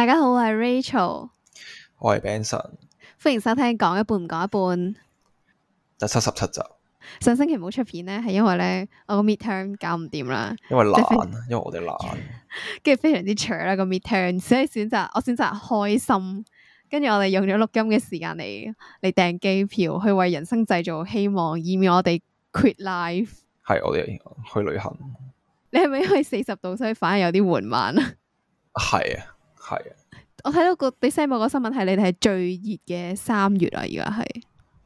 大家好，我係 Rachel，我係 Benson，歡迎收聽講一半唔講一半，第七十七集。上星期冇出片咧，係因為咧我個 midterm 搞唔掂啦，因為懶，因為我哋懶，跟住非常之 short 啦個 midterm，所以選擇我選擇開心，跟住我哋用咗錄音嘅時間嚟嚟訂機票，去為人生製造希望，以免我哋 quit life。係我哋去旅行。你係咪因為四十度所以反而有啲緩慢啊？係啊。係啊，我睇到個你西媒個新聞係你哋係最熱嘅三月啊，而家係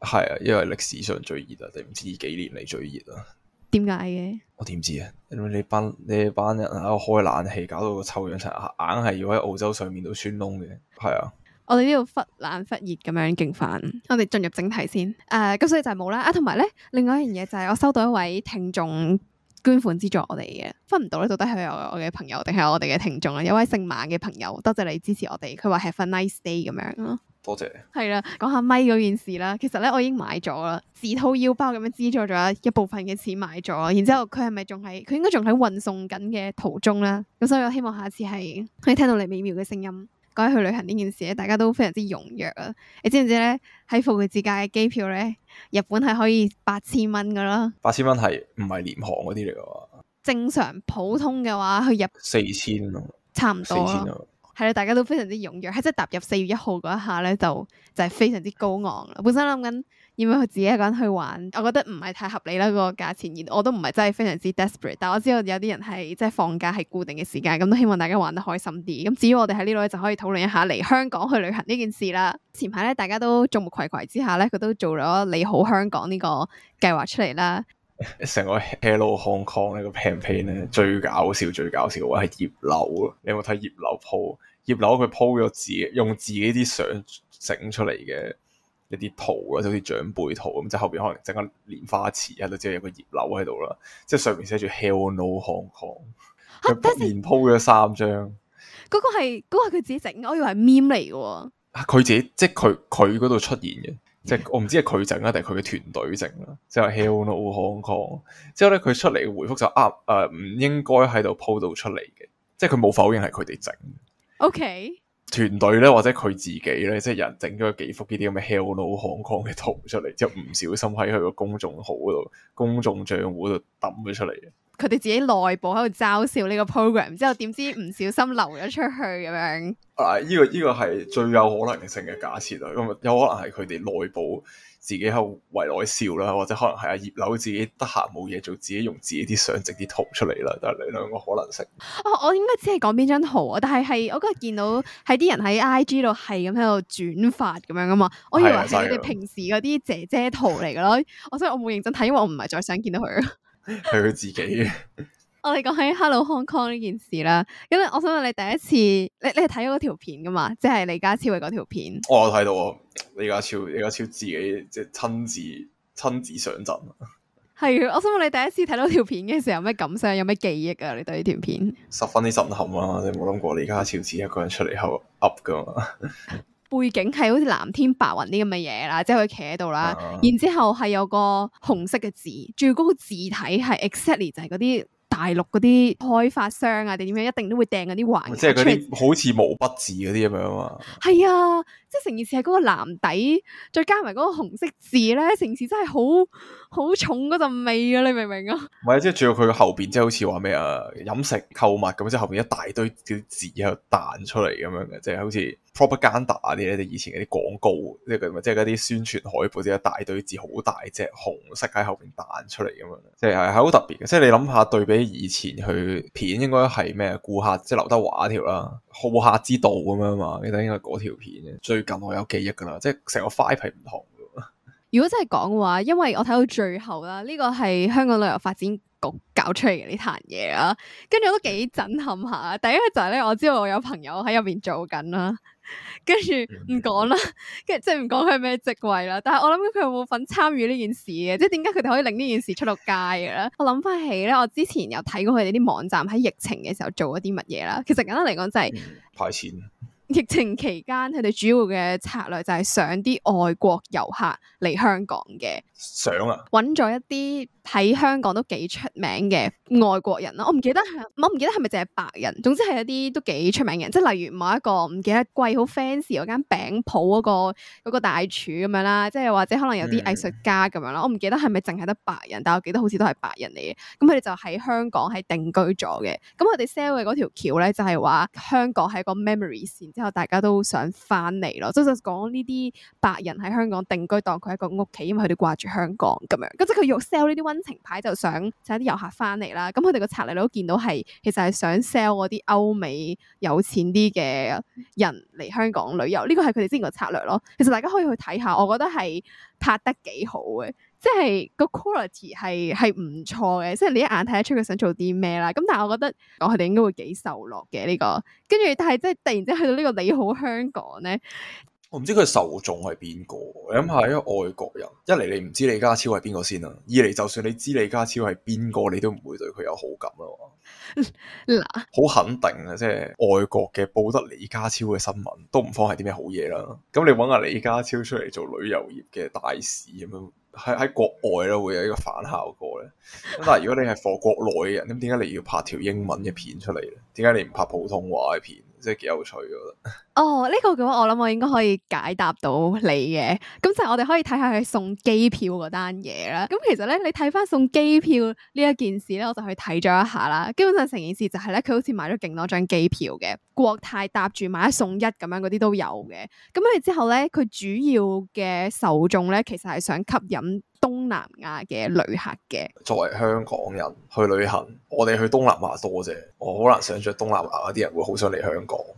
係啊，因為歷史上最熱啊，定唔知幾年嚟最熱啊？點解嘅？我點知啊？你班你班人喺度開冷氣，搞到個臭氧層硬係要喺澳洲上面度穿窿嘅，係啊。我哋呢度忽冷忽熱咁樣勁煩，我哋進入正題先。誒、呃，咁所以就係冇啦。啊，同埋咧，另外一樣嘢就係我收到一位聽眾。捐款資助我哋嘅，分唔到咧，到底係我我嘅朋友定係我哋嘅聽眾啊？一位姓馬嘅朋友，多謝你支持我哋，佢話 have a nice day 咁樣咯。多謝。係啦，講下咪嗰件事啦。其實咧，我已經買咗啦，自掏腰包咁樣資助咗一部分嘅錢買咗。然之後佢係咪仲係？佢應該仲喺運送緊嘅途中啦。咁所以我希望下次係可以聽到你美妙嘅聲音。關該去旅行呢件事咧，大家都非常之踴躍啊！你知唔知咧？喺復活節嘅機票咧，日本係可以八千蚊噶啦。八千蚊係唔係廉航嗰啲嚟噶？正常普通嘅話，去入四千咯，4, 差唔多。四千係啦，大家都非常之踴躍，喺即係踏入四月一號嗰一下咧，就就係、是、非常之高昂啦。本身諗緊。要唔要佢自己一個人去玩？我覺得唔係太合理啦，這個價錢。而我都唔係真係非常之 desperate，但我知道有啲人係即係放假係固定嘅時間，咁都希望大家玩得開心啲。咁至於我哋喺呢度就可以討論一下嚟香港去旅行呢件事啦。前排咧，大家都眾目睽睽之下咧，佢都做咗你好香港呢個計劃出嚟啦。成個 Hello Hong Kong 呢個 plan plan 咧，最搞笑最搞笑嘅係葉劉啊！你有冇睇葉劉 po？葉劉佢 po 咗自己用自己啲相整出嚟嘅。一啲圖啦，即係啲長輩圖咁，即係後邊可能整個蓮花池喺度，即係有個葉柳喺度啦，即係上面寫住 Hell No Hong Kong，佢連鋪咗三張。嗰、嗰個係嗰、嗰個佢自己整，我以為 meme 嚟嘅。佢自己即係佢佢嗰度出現嘅，即係我唔知係佢整啊，定係佢嘅團隊整啦。即係 Hell No Hong Kong，之後咧佢出嚟嘅回覆就啊誒，唔應該喺度鋪到出嚟嘅，即係佢冇否認係佢哋整。O、okay. 團隊咧，或者佢自己咧，即係人整咗幾幅呢啲咁嘅 Hello Hong Kong 嘅圖出嚟，之後唔小心喺佢個公眾號度、公眾賬戶度揼咗出嚟嘅。佢哋自己內部喺度嘲笑呢個 program，之後點知唔小心流咗出去咁樣。啊！呢個呢個係最有可能性嘅假設啊，咁有可能係佢哋內部。自己喺度圍內笑啦，或者可能係阿葉劉自己得閒冇嘢做，自己用自己啲相整啲圖出嚟啦。但係你兩個可能性，啊、哦，我應該只係講邊張圖啊？但係係我嗰日見到喺啲人喺 IG 度係咁喺度轉發咁樣啊嘛，我以為係你哋平時嗰啲姐姐圖嚟咯。我所以，我冇認真睇，因為我唔係再想見到佢啊。係佢自己嘅。 我哋講起 Hello Hong Kong 呢件事啦，因為，我想問你第一次，你你係睇咗嗰條片噶嘛？即係李家超嘅嗰條片。哦、我睇到啊，李家超，李家超自己即係親自親自上陣。係，我想問你第一次睇到條片嘅時候，有咩感想？有咩記憶啊？你對呢條片十分之震撼啊。你冇諗過李家超自己一個人出嚟後 up 噶嘛？背景係好似藍天白雲啲咁嘅嘢啦，即係佢企喺度啦，啊、然之後係有個紅色嘅字，最高個字體係 exactly 就係嗰啲。大陸嗰啲開發商啊，定點樣一定都會掟嗰啲環，即係嗰啲好似毛筆字嗰啲咁樣啊。係啊，即係成件事係嗰個藍底，再加埋嗰個紅色字咧，成件事真係好好重嗰陣味啊！你明唔明啊？唔係，即係仲有佢個後邊，即係好似話咩啊？飲食、購物咁，即係後邊一大堆啲字喺度彈出嚟咁樣嘅，即係好似。Propaganda 啊啲咧，就以前嗰啲廣告，即係佢，即係嗰啲宣傳海報，即係一大堆字，好大隻紅色喺後邊彈出嚟咁樣，即係係好特別嘅。即係你諗下對比以前佢片，應該係咩顧客，即係劉德華嗰條啦，好客之道咁樣嘛，你睇應該嗰條片嘅最近我有記憶㗎喇，即係成個 file 係唔同。如果真係講嘅話，因為我睇到最後啦，呢、這個係香港旅遊發展局搞出嚟嘅呢壇嘢啦，跟住我都幾震撼下。第一個就係咧，我知道我有朋友喺入邊做緊啦，跟住唔講啦，跟住 即係唔講佢咩職位啦。但係我諗緊佢有冇份參與呢件事嘅？即係點解佢哋可以令呢件事出到街嘅咧？我諗翻起咧，我之前有睇過佢哋啲網站喺疫情嘅時候做咗啲乜嘢啦。其實簡單嚟講就係派錢。嗯疫情期間，佢哋主要嘅策略就係上啲外國遊客嚟香港嘅。上啊，揾咗一啲喺香港都幾出名嘅外國人啦。我唔記得，我唔記得係咪淨係白人。總之係一啲都幾出名嘅人。即係例如某一個唔記得貴好 fancy 嗰間餅鋪嗰、嗰個嗰個大廚咁樣啦。即係或者可能有啲藝術家咁樣啦。嗯、我唔記得係咪淨係得白人，但係我記得好似都係白人嚟嘅。咁佢哋就喺香港係定居咗嘅。咁佢哋 sell 嘅嗰條橋咧，就係、是、話香港係個 memory 線。之後大家都想翻嚟咯，即就講呢啲白人喺香港定居，當佢一個屋企，因為佢哋掛住香港咁樣。咁即佢要 sell 呢啲溫情牌，就想請啲遊客翻嚟啦。咁佢哋個策略都見到係其實係想 sell 嗰啲歐美有錢啲嘅人嚟香港旅遊。呢個係佢哋之前個策略咯。其實大家可以去睇下，我覺得係拍得幾好嘅。即係個 quality 係係唔錯嘅，即係你一眼睇得出佢想做啲咩啦。咁但係我覺得，我佢哋應該會幾受落嘅呢個。跟住，但係即係突然之間去到呢個你好香港咧，我唔知佢受眾係邊個。你諗下，一個外國人，一嚟你唔知李家超係邊個先啦，二嚟就算你知李家超係邊個，你都唔會對佢有好感咯。嗱，好肯定啊，即係外國嘅報得李家超嘅新聞都唔慌係啲咩好嘢啦。咁你搵下李家超出嚟做旅遊業嘅大使咁樣。喺喺國外咧會有呢個反效果咧。咁但係如果你係 for 國內嘅人，咁點解你要拍條英文嘅片出嚟咧？點解你唔拍普通話嘅片？即係幾有趣嘅，我覺得。哦，呢個嘅話，我諗我應該可以解答到你嘅。咁就我哋可以睇下佢送機票嗰單嘢啦。咁其實咧，你睇翻送機票呢一件事咧，我就去睇咗一下啦。基本上成件事就係咧，佢好似買咗勁多張機票嘅，國泰搭住買一送一咁樣嗰啲都有嘅。咁跟住之後咧，佢主要嘅受眾咧，其實係想吸引東南亞嘅旅客嘅，作為香港人去旅行，我哋去東南亞多啫，我好難想象東南亞啲人會好想嚟香港。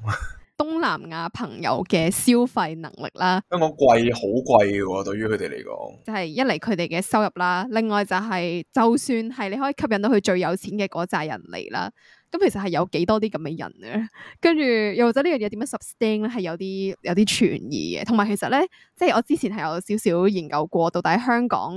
東南亞朋友嘅消費能力啦，香港貴好貴嘅喎，對於佢哋嚟講，就係一嚟佢哋嘅收入啦，另外就係、是、就算係你可以吸引到佢最有錢嘅嗰扎人嚟啦。咁其實係有幾多啲咁嘅人咧？跟住又或者呢樣嘢點樣 sustain 咧？係有啲有啲存疑嘅。同埋其實咧，即係我之前係有少少研究過，到底香港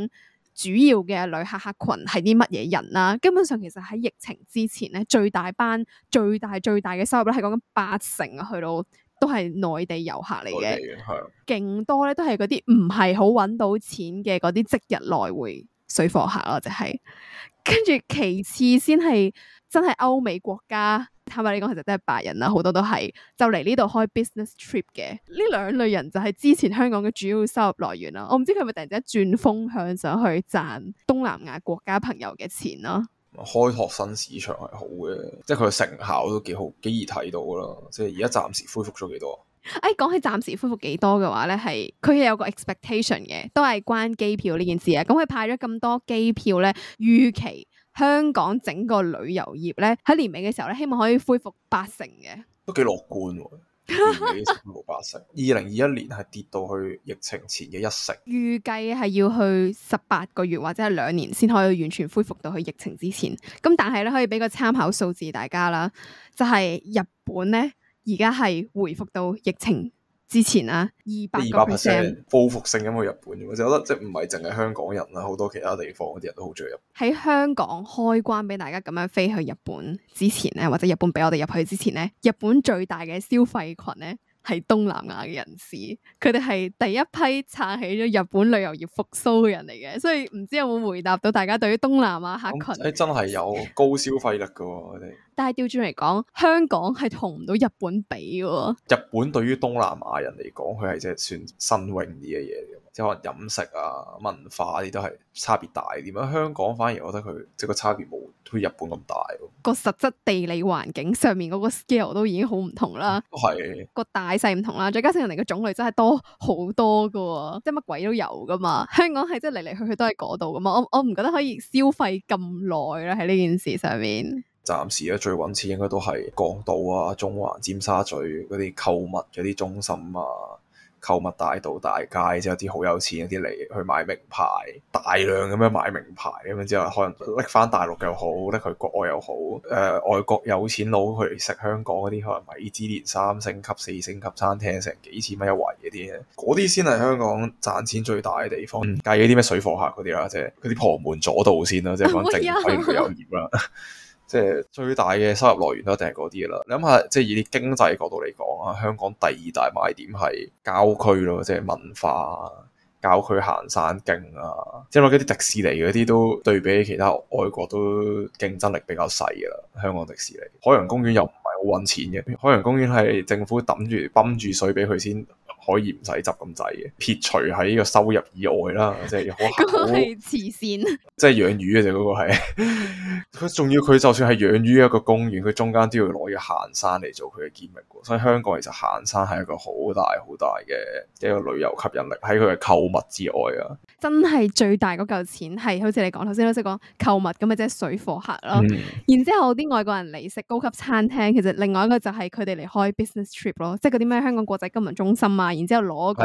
主要嘅旅客客群係啲乜嘢人啦？根本上其實喺疫情之前咧，最大班最大最大嘅收入咧，係講緊八成啊，去到都係內地遊客嚟嘅，係勁 Okay, yeah. 多咧都係嗰啲唔係好揾到錢嘅嗰啲即日來回水貨客咯，就係跟住其次先係。真係歐美國家，坦白你講，其實真係白人啦，好多都係就嚟呢度開 business trip 嘅。呢兩類人就係之前香港嘅主要收入來源啦。我唔知佢係咪突然之間轉風向，上去賺東南亞國家朋友嘅錢咯。開拓新市場係好嘅，即係佢成效都幾好，幾易睇到啦。即係而家暫時恢復咗幾多？誒、哎，講起暫時恢復幾多嘅話咧，係佢有個 expectation 嘅，都係關機票，機票呢件事啊。咁佢派咗咁多機票咧，預期。香港整個旅遊業咧喺年尾嘅時候咧，希望可以恢復八成嘅，都幾樂觀喎。八成，二零二一年係跌到去疫情前嘅一成，預計係要去十八個月或者係兩年先可以完全恢復到去疫情之前。咁但係咧，可以俾個參考數字大家啦，就係日本咧而家係恢復到疫情。之前啊，二百個 percent 報復性，咁去日本，我就覺得即係唔係淨係香港人啦，好多其他地方嗰啲人都好中意入。喺香港開關畀大家咁樣飛去日本之前咧，或者日本畀我哋入去之前咧，日本最大嘅消費群咧。係東南亞嘅人士，佢哋係第一批撐起咗日本旅遊業復甦嘅人嚟嘅，所以唔知有冇回答到大家對於東南亞客群？誒、嗯，真係有高消費力嘅，佢哋。 但係調轉嚟講，香港係同唔到日本比嘅。日本對於東南亞人嚟講，佢係即係算新穎啲嘅嘢。有人飲食啊、文化啲、啊、都係差別大點，點解香港反而我覺得佢即係個差別冇去日本咁大？個實質地理環境上面嗰個 scale 都已經好唔同啦，係個大細唔同啦，再加上人哋個種類真係多好多噶，即係乜鬼都有噶嘛。香港係即係嚟嚟去去都係嗰度㗎嘛，我我唔覺得可以消費咁耐啦喺呢件事上面。暫時咧最揾錢應該都係港島啊、中環、尖沙咀嗰啲購物嗰啲中心啊。購物大道大街，即係啲好有錢啲嚟去買名牌，大量咁樣買名牌咁樣之後，可能拎翻大陸又好，拎去國外又好，誒、呃、外國有錢佬去食香港嗰啲可能米芝蓮三星級、四星級餐廳，成幾千蚊一圍嗰啲嗰啲先係香港賺錢最大嘅地方。計嗰啲咩水貨客嗰啲啦，即係嗰啲旁門左道先啦，即係講正規旅遊業啦。即係最大嘅收入來源都一定係嗰啲啦。你諗下，即係以啲經濟角度嚟講啊，香港第二大賣點係郊區咯，即係文化啊、郊區行山徑啊，即係乜嗰啲迪士尼嗰啲都對比其他外國都競爭力比較細噶啦。香港迪士尼、海洋公園又唔係好搵錢嘅，海洋公園係政府抌住泵住水俾佢先。可以唔使執咁滯嘅，撇除喺呢個收入以外啦，即係好 慈善。即係養魚嘅啫，嗰、嗰個係佢仲要佢就算係養魚一個公園，佢中間都要攞嘅行山嚟做佢嘅兼職。所以香港其實行山係一個好大好大嘅一個旅遊吸引力，喺佢嘅購物之外啊。真係最大嗰嚿錢係好似你講頭先都識講購物咁咪，即係水貨客咯。嗯、然之後啲外國人嚟食高級餐廳，其實另外一個就係佢哋嚟開 business trip 咯，即係嗰啲咩香港國際金融中心啊。然之後攞個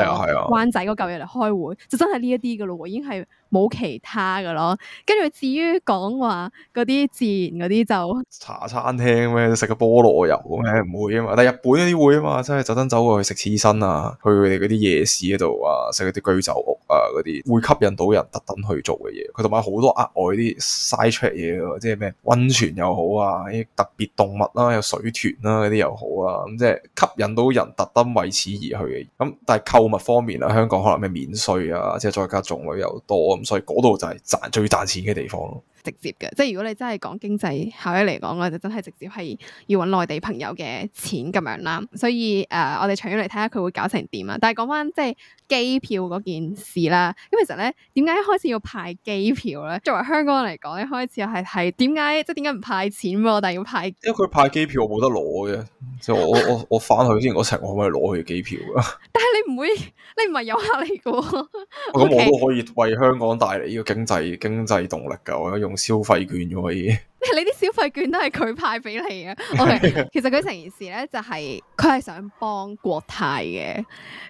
灣仔嗰嚿嘢嚟開會，哎、呀就真係呢一啲嘅咯喎，已經係冇其他嘅咯。跟住至於講話嗰啲自然嗰啲就茶餐廳咩，食個菠蘿油咩唔會啊嘛，但日本嗰啲會啊嘛，真係特登走過去食刺身啊，去佢哋嗰啲夜市嗰度啊，食嗰啲居酒屋啊嗰啲，會吸引到人特登去做嘅嘢。佢同埋好多額外啲嘥出嘢，即係咩溫泉又好啊，特別動物啦、啊，有水豚啦嗰啲又好啊，咁即係吸引到人特登為此而去嘅。但係購物方面啊，香港可能咩免稅啊，即係再加上種類又多，咁所以嗰度就係賺最賺錢嘅地方咯。直接嘅，即係如果你真係講經濟效益嚟講，我就真係直接係要搵內地朋友嘅錢咁樣啦。所以誒、呃，我哋長遠嚟睇下佢會搞成點啊！但係講返即係機票嗰件事啦，咁其實咧點解一開始要派機票咧？作為香港人嚟講，一開始係係點解即係點解唔派錢喎？但係要派，因為佢派機票我冇得攞嘅，即係我 我我返去之前嗰程我可唔可以攞佢機票啊？但係你唔會，你唔係遊客嚟嘅喎。咁、 啊、我都可以為香港帶嚟呢個經濟經濟動力㗎，我用。消費券可以。你啲消費券都係佢派俾你嘅。OK， 其實佢成件事咧就係佢係想幫國泰嘅，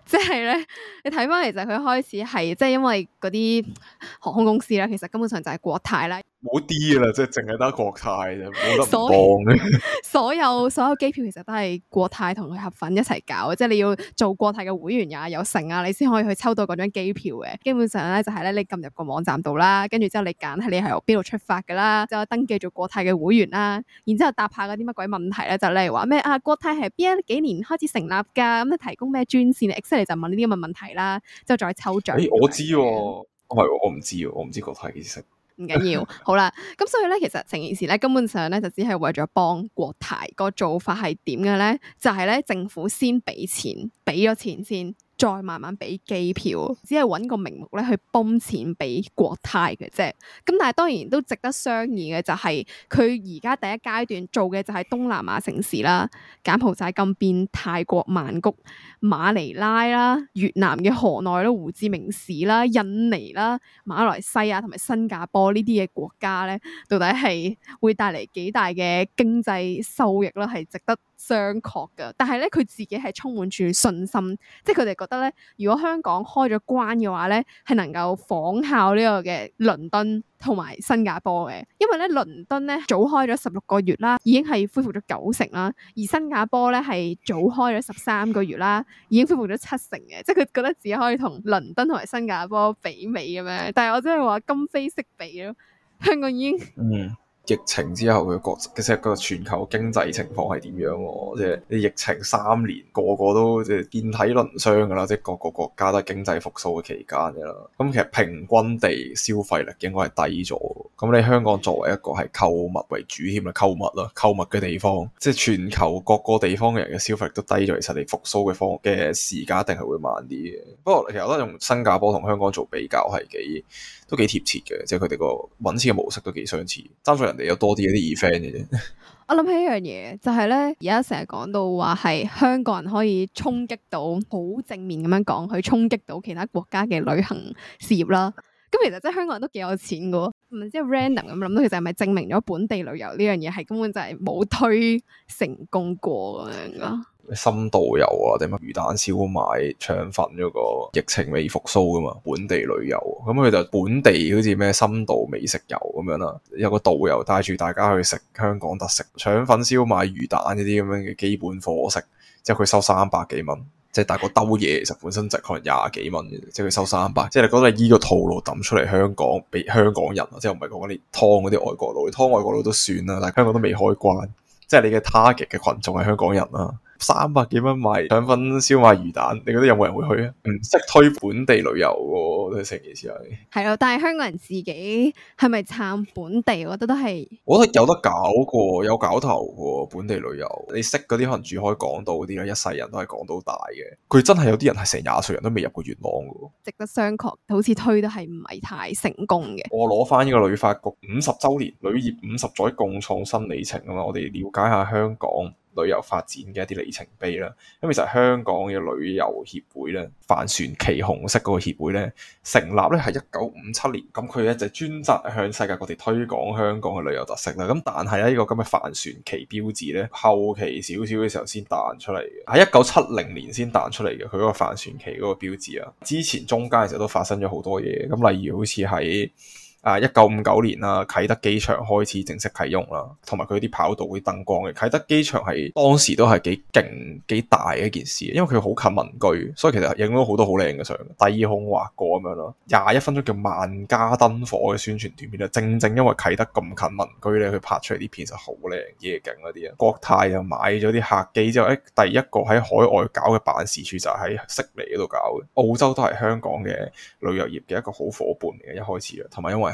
即係咧你睇翻嚟就係佢開始係即係因為嗰啲航空公司咧，其實根本上就係國泰啦。冇啲噶啦，即係淨係得國泰冇得幫 所有所有機票其實都係國泰同佢合份一齊搞，即係 你要做國泰嘅會員啊，有成啊，你先可以去抽到嗰張機票嘅。基本上咧就係咧，你撳入個網站度啦，跟住之後你揀係你係由邊度出發噶啦，之後登記做國泰嘅會員啦，然之後答下嗰啲乜鬼問題咧，就例如話咩啊，國泰係邊一幾年開始成立噶，咁、嗯、你提供咩專線 exactly 就問呢啲咁嘅問題啦，之後再抽獎。誒，我知、啊，唔係我唔知，我唔知，我唔知國泰幾時。唔緊要， 好啦，咁所以咧，其實成件事咧，根本上咧，就只係為咗幫國泰個做法係點嘅咧，就係、係、咧政府先俾錢，俾咗錢先。再慢慢俾機票，只係揾個名目咧去泵錢俾國泰嘅啫。咁但係當然都值得商議嘅就係佢而家第一階段做嘅就係東南亞城市啦，柬埔寨金邊、泰國曼谷、馬尼拉啦、越南嘅河內啦、胡志明市啦、印尼啦、馬來西亞同埋新加坡呢啲嘅國家咧，到底係會帶嚟幾大嘅經濟收益啦？係值得商榷嘅。但係咧，佢自己係充滿住信心，即係佢哋覺得咧，如果香港開咗關嘅話咧，係能夠仿效呢個嘅倫敦同埋新加坡嘅，因為咧倫敦咧早開咗十六個月啦，已經係恢復咗九成啦，而新加坡咧係早開咗十三個月啦，已經恢復咗七成嘅，即係佢覺得自己可以同倫敦同埋新加坡媲美咁樣，但係我真係話今非昔比咯，香港已經。 疫情之後佢國，其實個全球經濟情況係點樣喎？即係啲疫情三年，個個都即係遍體鱗傷㗎啦，即係各個國家都係經濟復甦嘅期間嘅啦。咁其實平均地消費力應該係低咗。咁你香港作為一個係購物為主添啊，購物啦，購物嘅地方，即係全球各個地方嘅人嘅消費力都低咗，其實你復甦嘅方嘅時間一定係會慢啲嘅。不過其實我覺得用新加坡同香港做比較係幾～都幾貼切嘅，即係佢哋個搵錢嘅模式都幾相似，爭在人哋有多啲一啲二 friend 嘅啫。我諗起一樣嘢，就係、是、咧，而家成日講到話係香港人可以衝擊到好正面咁樣講，去衝擊到其他國家嘅旅行事業啦。咁其實即係香港人都幾有錢嘅，唔係即係 random 咁諗到，其實係咪證明咗本地旅遊呢樣嘢係根本就係冇推成功過咁樣咯？深度遊啊，定乜魚蛋、燒賣、腸粉嗰個疫情未復甦噶嘛？本地旅遊咁佢就本地好似咩深度美食遊咁樣啦，有個導遊帶住大家去食香港特色腸粉、燒賣、魚蛋呢啲咁樣嘅基本貨色，即係佢收三百幾蚊，即係大個兜嘢，其實本身值可能廿幾蚊嘅，即係佢收三百，即係你覺得依個套路抌出嚟，香港俾香港人，啊？即係唔係講嗰啲湯嗰啲外國佬，湯外國佬都算啦，但係香港都未開關，即係你嘅 target 嘅群眾係香港人啦。三百幾蚊買兩份燒賣魚蛋，你覺得有冇人會去啊？唔識推本地旅遊，我哋成件事係咯，但係香港人自己係咪撐本地？我覺得都係，我覺得有得搞個，有搞頭個本地旅遊。你識嗰啲可能住開港島啲咧，一世人都係港島大嘅。佢真係有啲人係成廿歲人都未入過元朗嘅。值得商榷，好似推得係唔係太成功嘅。我攞翻呢個旅發局五十周年旅業五十載共創新里程啊嘛，我哋了解下香港。旅遊發展嘅一啲里程碑啦，咁其實香港嘅旅遊協會咧，帆船旗紅色嗰個協會咧，成立咧係一九五七年。咁佢咧就專責向世界各地推廣香港嘅旅遊特色啦。咁但係咧，呢個咁嘅帆船旗標誌咧，後期少少嘅時候先彈出嚟嘅，喺一九七零年先彈出嚟嘅。佢嗰個帆船旗嗰個標誌啊，之前中間嘅時候都發生咗好多嘢。咁例如好似喺～啊！一九五九年啦，啟德機場開始正式啟用啦，同埋佢啲跑道啲燈光嘅。啟德機場係當時都係幾勁幾大嘅一件事，因為佢好近民居，所以其實影咗好多好靚嘅相，低空滑過咁樣咯。廿一分鐘叫《萬家燈火》嘅宣傳短片啊，正正因為啟德咁近民居咧，佢拍出嚟啲片就好靚夜景嗰啲啊。國泰就買咗啲客機之後，誒第一個喺海外搞嘅辦事處就喺悉尼嗰度搞嘅。澳洲都係香港嘅旅遊業嘅一個好伙伴嚟嘅，一開始啊，同埋因為。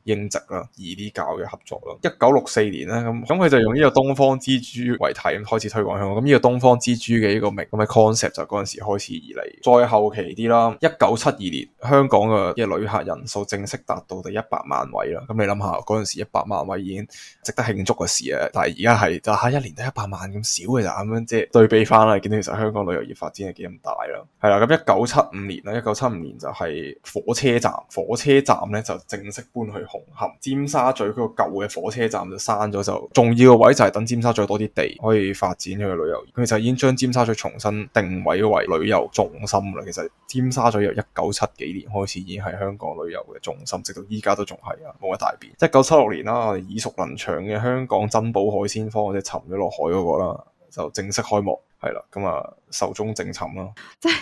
英殖啦，而易啲搞嘅合作啦。一九六四年咧，咁咁佢就用呢個東方之珠為題，咁開始推廣香港。咁呢個東方之珠嘅呢個名，咁嘅 concept 就嗰陣時開始而嚟。再後期啲啦，一九七二年，香港嘅嘅旅客人數正式達到第一百萬位啦。咁你諗下，嗰陣時一百萬位已經值得慶祝嘅事啊！但係而家係就吓一年都一百萬咁少嘅就咁樣，即係對比翻啦，見到其實香港旅遊業發展係幾咁大啦。嗯。係啦，咁一九七五年啦，一九七五年就係火車站，火車站咧就正式搬去。紅磡、尖沙咀，佢個舊嘅火車站就閂咗，就重要嘅位就係等尖沙咀多啲地可以發展去旅遊。佢就已經將尖沙咀重新定位為旅遊重心啦。其實尖沙咀由一九七幾年開始已經係香港旅遊嘅重心，直到依家都仲係啊，冇乜大變。一九七六年啦，我哋耳熟能詳嘅香港珍寶海鮮坊或者沉咗落海嗰個啦，就正式開幕，係啦，咁啊壽終正寢啦，即係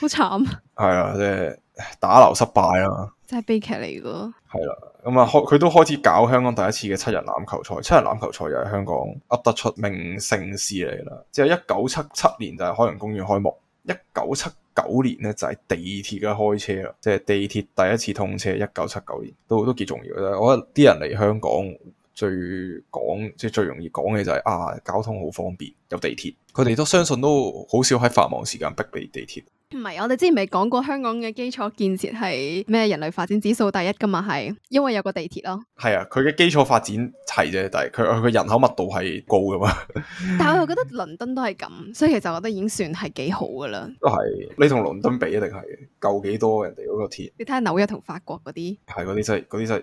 好慘，係啊，即係。打流失敗啦，真係悲劇嚟噶。係 啦，咁啊，佢 都開始搞香港第一次嘅七人欖球賽，七人欖球賽又係香港噏得出名盛事嚟啦。即係一九七七年就係海洋公園開幕，一九七九年呢就係地鐵嘅開車啦，即係地鐵第一次通車，一九七九年都都幾重要嘅。我覺得啲人嚟香港最講，即係最容易講嘅就係、是、啊，交通好方便，有地鐵，佢哋都相信都好少喺繁忙時間逼你地鐵。唔係，我哋之前咪講過香港嘅基礎建設係咩？人類發展指數第一噶嘛，係因為有個地鐵咯。係啊，佢嘅基礎發展齊啫，但係佢佢人口密度係高噶嘛。嗯、但係我又覺得倫敦都係咁，所以其實我覺得已經算係幾好噶啦。都係，你同倫敦比一定係夠幾多人哋嗰個鐵。你睇下紐約同法國嗰啲。係嗰啲真係，嗰啲真係。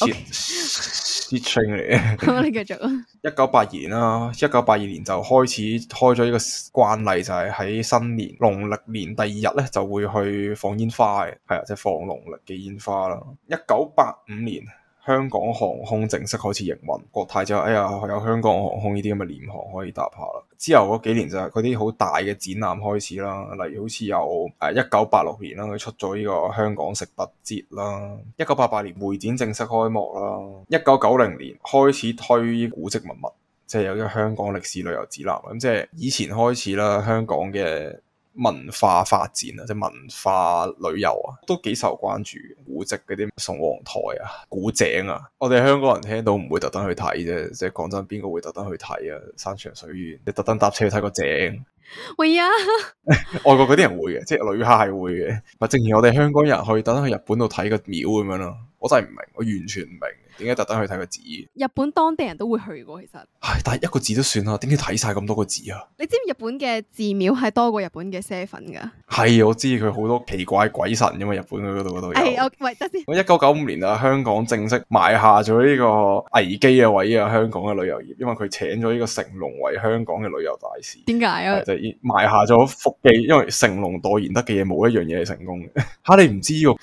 Okay. 啲 string 嚟嘅，你繼續啊！一九八二年啦，一九八二年就開始開咗呢個慣例，就係喺新年農曆年第二日咧就會去放煙花嘅，係啊，即係放農曆嘅煙花啦。一九八五年。香港航空正式開始營運，國泰就哎呀，有香港航空呢啲咁嘅廉航可以搭下啦。之後嗰幾年就係嗰啲好大嘅展覽開始啦，例如好似有誒，一九八六年啦，佢出咗呢個香港食百節啦，一九八八年會展正式開幕啦，一九九零年開始推古跡文物，即係有一個香港歷史旅遊指南咁，即係以前開始啦，香港嘅。文化發展啊，即係文化旅遊啊，都幾受關注。古跡嗰啲宋皇台啊、古井啊，我哋香港人聽到唔會特登去睇啫。即係講真，邊個會特登去睇啊？山長水遠，你特登搭車去睇個井會啊？呀 外國嗰啲人會嘅，即係旅客係會嘅。唔係，正如我哋香港人去特登去日本度睇個廟咁樣咯。我真係唔明，我完全唔明點解特登去睇個寺。日本當地人都會去喎，其實。唉，但係一個寺都算啦，點解睇晒咁多個寺啊？你知唔知日本嘅寺廟係多過日本嘅 seven 㗎？係，我知佢好多奇怪鬼神因為嘛，日本嗰度度。係、哎，我、okay，喂，等先。我一九九五年啊，香港正式埋下咗呢個危機嘅位啊，香港嘅旅遊業，因為佢請咗呢個成龍為香港嘅旅遊大使。點解啊？就埋下咗伏筆，因為成龍代言得嘅嘢冇一樣嘢係成功嘅。嚇 你唔知呢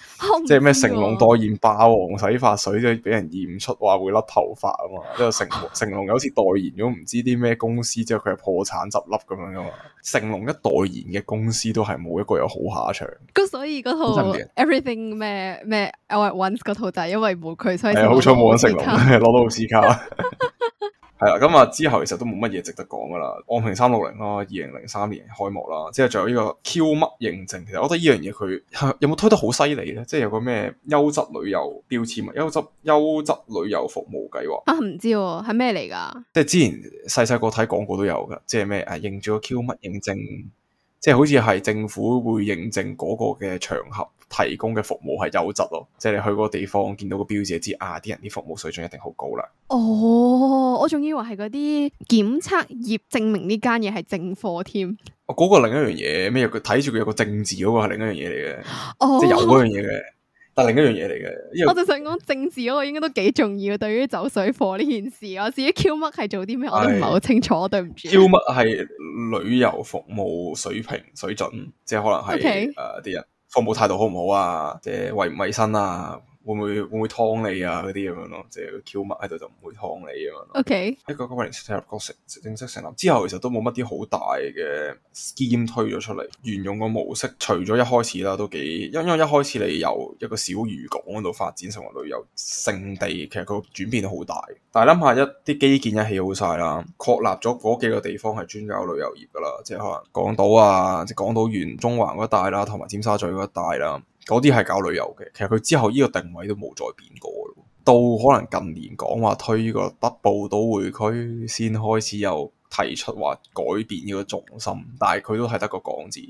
即係咩？成龍代言包。霸王洗髮水即係俾人驗出話會甩頭髮啊嘛，之後成成龍有次代言咗唔知啲咩公司之後，佢係破產執笠咁樣噶嘛，成龍一代言嘅公司都係冇一個有好下場。咁所以嗰套 Everything 咩咩 I Once 嗰套，就係因為冇佢，所以好彩冇揾成龍攞到奧斯卡。 係啦，咁啊之後其實都冇乜嘢值得講噶啦。昂坪三六零啦，二零零三年開幕啦，即係仲有呢個 Q 乜認證。其實我覺得呢樣嘢佢有冇推得好犀利咧？即係有個咩優質旅遊標籤、優質優質旅遊服務計劃。啊，唔知係咩嚟噶？即係之前細細個睇廣告都有噶，即係咩啊，認咗 Q 乜認證，即係好似係政府會認證嗰個嘅場合。提供嘅服務係優質咯，即係你去嗰個地方見到個標誌，知啊啲人啲服務水準一定好高啦。哦，我仲以為係嗰啲檢測業證明呢間嘢係正貨添。哦，嗰、嗰個另一樣嘢咩？佢睇住佢有個正字、嗰個，嗰個係另一樣嘢嚟嘅，哦、即係有嗰樣嘢嘅。但另一樣嘢嚟嘅。我就想講正字嗰個應該都幾重要，對於走水貨呢件事，我自己 Q 嘜係做啲咩、哎、我都唔係好清楚，對唔住。Q 嘜係旅遊服務水平水準，水準即係可能係誒啲人。Okay. 呃服務態度好唔好啊？即係衛唔衛生啊？會唔會會唔會劏你啊？嗰啲咁樣咯，即係個 Q 物喺度就唔會劏你啊嘛。OK。一九九八年踏入國城正式成立之後，其實都冇乜啲好大嘅 scheme 推咗出嚟。沿用個模式，除咗一開始啦，都幾因為一開始你由一個小漁港嗰度發展成為旅遊勝地，其實個轉變好大。但係諗下一啲基建一起好晒啦，確立咗嗰幾個地方係專搞旅遊業噶啦，即係可能港島啊、即係港島元中環嗰一帶啦，同埋尖沙咀嗰一帶啦。嗰啲係搞旅遊嘅，其實佢之後呢個定位都冇再變過，到可能近年講話推呢個北部都會區先開始有。提出話改變呢個重心，但係佢都係得個講字，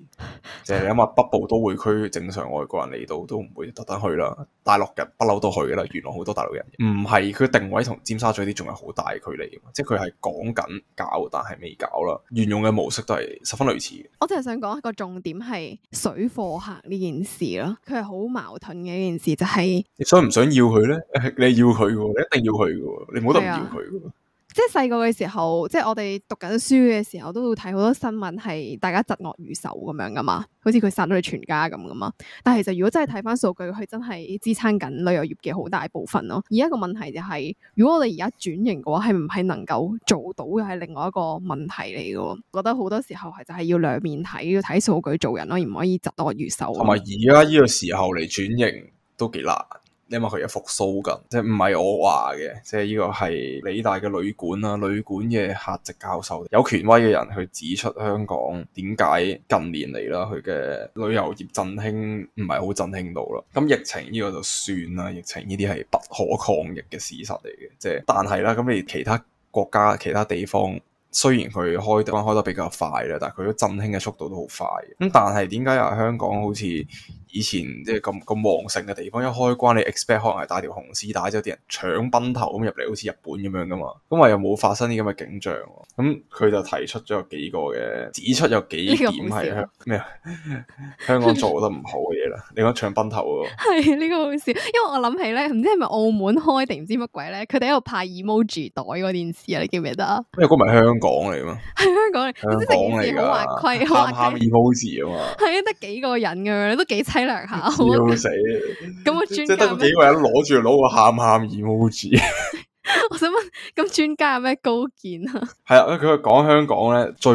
就係、是、因為北部都會區正常外國人嚟到都唔會特登去啦，大陸人不嬲都去噶啦，原來好多大陸人唔係佢定位同尖沙咀啲仲係好大距離，即係佢係講緊搞，但係未搞啦，沿用嘅模式都係十分類似。我淨係想講一個重點係水貨客呢件事咯，佢係好矛盾嘅一件事，就係、是、你想唔想要佢咧？你要佢嘅，你一定要佢嘅，你冇得唔要佢嘅。即係細個嘅時候，即係我哋讀緊書嘅時候，都會睇好多新聞係大家窒惡如仇咁樣噶嘛，好似佢殺咗你全家咁噶嘛。但係其實如果真係睇翻數據，佢真係支撐緊旅遊業嘅好大部分咯。而一個問題就係，如果我哋而家轉型嘅話，係唔係能夠做到，又係另外一個問題嚟嘅。我覺得好多時候係就係要兩面睇，要睇數據做人咯，而唔可以窒惡如仇。同埋而家呢個時候嚟轉型都幾難。因為佢有復甦㗎，即係唔係我話嘅，即係呢個係理大嘅旅館啊，旅館嘅客席教授有權威嘅人去指出香港點解近年嚟啦，佢嘅旅遊業振興唔係好振興到啦。咁疫情呢個就算啦，疫情呢啲係不可抗逆嘅事實嚟嘅，即係但係啦，咁你其他國家其他地方雖然佢開得開得比較快啦，但係佢都振興嘅速度都好快。咁但係點解又香港好似？以前即係咁咁旺盛嘅地方，一開關你 expect 可能係帶條紅絲帶，之後啲人搶奔頭咁入嚟，好似日本咁樣噶嘛。咁話又冇發生啲咁嘅景象。咁、嗯、佢就提出咗幾個嘅指出，有幾點係咩啊？香港做得唔好嘅嘢啦，你講搶奔頭喎。係呢個好笑，因為我諗起咧，唔知係咪澳門開定唔知乜鬼咧，佢哋喺度派 emoji 袋嗰件事啊，你記唔記得啊？呢個唔係香港嚟嘛？係香港嚟，香港嚟嘅。派 emoji 啊嘛，係啊，得幾個人㗎你都幾 要死！咁專、嗯、即得幾個人攞住攞個喊喊 emoji，我想問，咁專 家有咩高見啊？係啊， 佢講香港咧最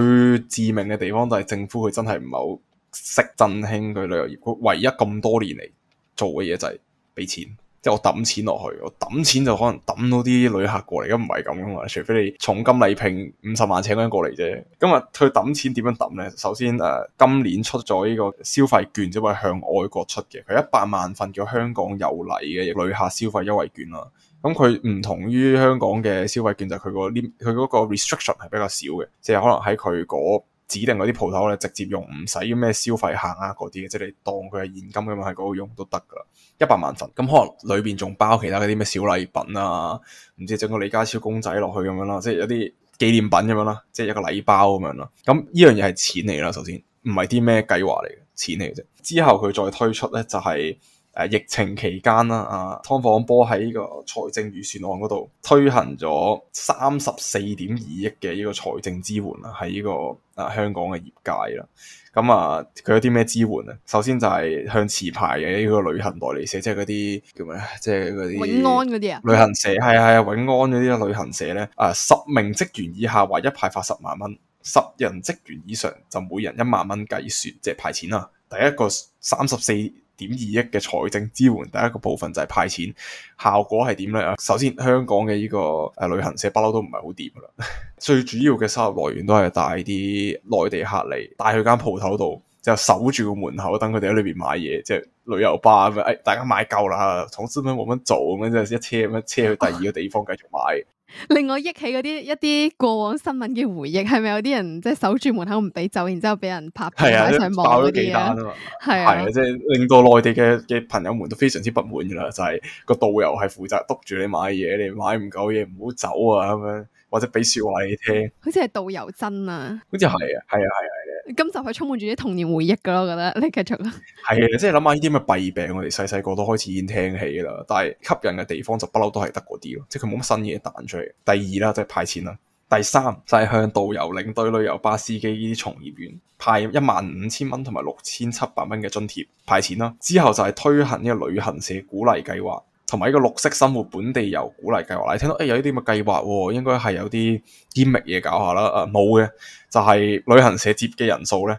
致命嘅地方就係政府佢真係唔係好識振興佢旅遊業，佢唯一咁多年嚟做嘅嘢就係俾錢。即係我抌錢落去，我抌錢就可能抌到啲旅客過嚟，咁唔係咁噶嘛？除非你重金禮聘五十萬請個人過嚟啫。咁啊，佢抌錢點樣抌咧？首先誒、呃，今年出咗呢個消費券，即係話向外國出嘅，佢一百萬份叫香港有禮嘅旅客消費優惠券啦。咁佢唔同於香港嘅消費券，就係佢個佢嗰個 restriction 係比較少嘅，即係可能喺佢嗰。指定嗰啲鋪頭咧，直接用唔使咩消費限額嗰啲嘅，即係你當佢係現金咁樣喺嗰度用都得噶啦，一百萬份，咁可能裏邊仲包其他嗰啲咩小禮品啊，唔知整個李家超公仔落去咁樣啦，即係有啲紀念品咁樣啦，即係一個禮包咁樣啦。咁呢樣嘢係錢嚟啦，首先唔係啲咩計劃嚟嘅，錢嚟嘅啫。之後佢再推出咧就係。啊、疫情期間啦，啊，湯房波喺呢個財政預算案嗰度推行咗三十四點二億嘅呢個財政支援啦，喺呢個啊香港嘅業界啦。咁啊，佢有啲咩支援啊？首先就係向持牌嘅呢個旅行代理社，即係嗰啲叫咩？即係嗰啲永安嗰啲啊，旅行社係啊係啊，永安嗰啲旅行社咧，啊十名職員以下劃一派發十萬蚊，十人職員以上就每人一萬蚊計算，即係派錢啦。第一個三十四點二億嘅財政支援，第一個部分就係派錢。效果係點呢？首先，香港嘅呢、呢個誒、呃、旅行社不嬲都唔係好掂啦， 最主要嘅收入來源都係帶啲內地客嚟，帶去間鋪頭度就守住個門口，等佢哋喺裏邊買嘢，即係旅遊巴咁樣。哎，大家買夠啦，同事咧，冇乜做，咁樣，即係一車咁樣車去第二個地方繼續買。哎令我憶起嗰啲一啲過往新聞嘅回憶，係咪有啲人即係守住門口唔俾走，然之後俾人拍片擺、啊、上網嗰啲啊？係啊，爆咗幾單啊嘛，即係、啊就是、令到內地嘅嘅朋友們都非常之不滿噶啦，就係、是、個導遊係負責督住你買嘢，你買唔夠嘢唔好走啊咁樣，或者俾說話你聽。好似係導遊珍啊？好似係啊，係啊，係啊。今集係充滿住啲童年回憶噶咯，我覺得你繼續啦。係啊，即係諗下呢啲咁嘅弊病，我哋細細個都開始已經聽起啦。但係吸引嘅地方就不嬲都係得嗰啲咯，即係佢冇乜新嘢彈出嚟。第二啦，就係派錢啦。第三就係向導遊、領隊、旅遊巴司機呢啲從業員派一萬五千蚊同埋六千七百蚊嘅津貼派錢啦。之後就係推行呢個旅行社鼓勵計劃。同埋呢個綠色生活本地遊鼓勵計劃，你聽到誒、哎、有呢啲咁嘅計劃喎，應該係有啲 gimmick 嘢搞下啦。誒冇嘅，就係、是、旅行社接嘅人數咧，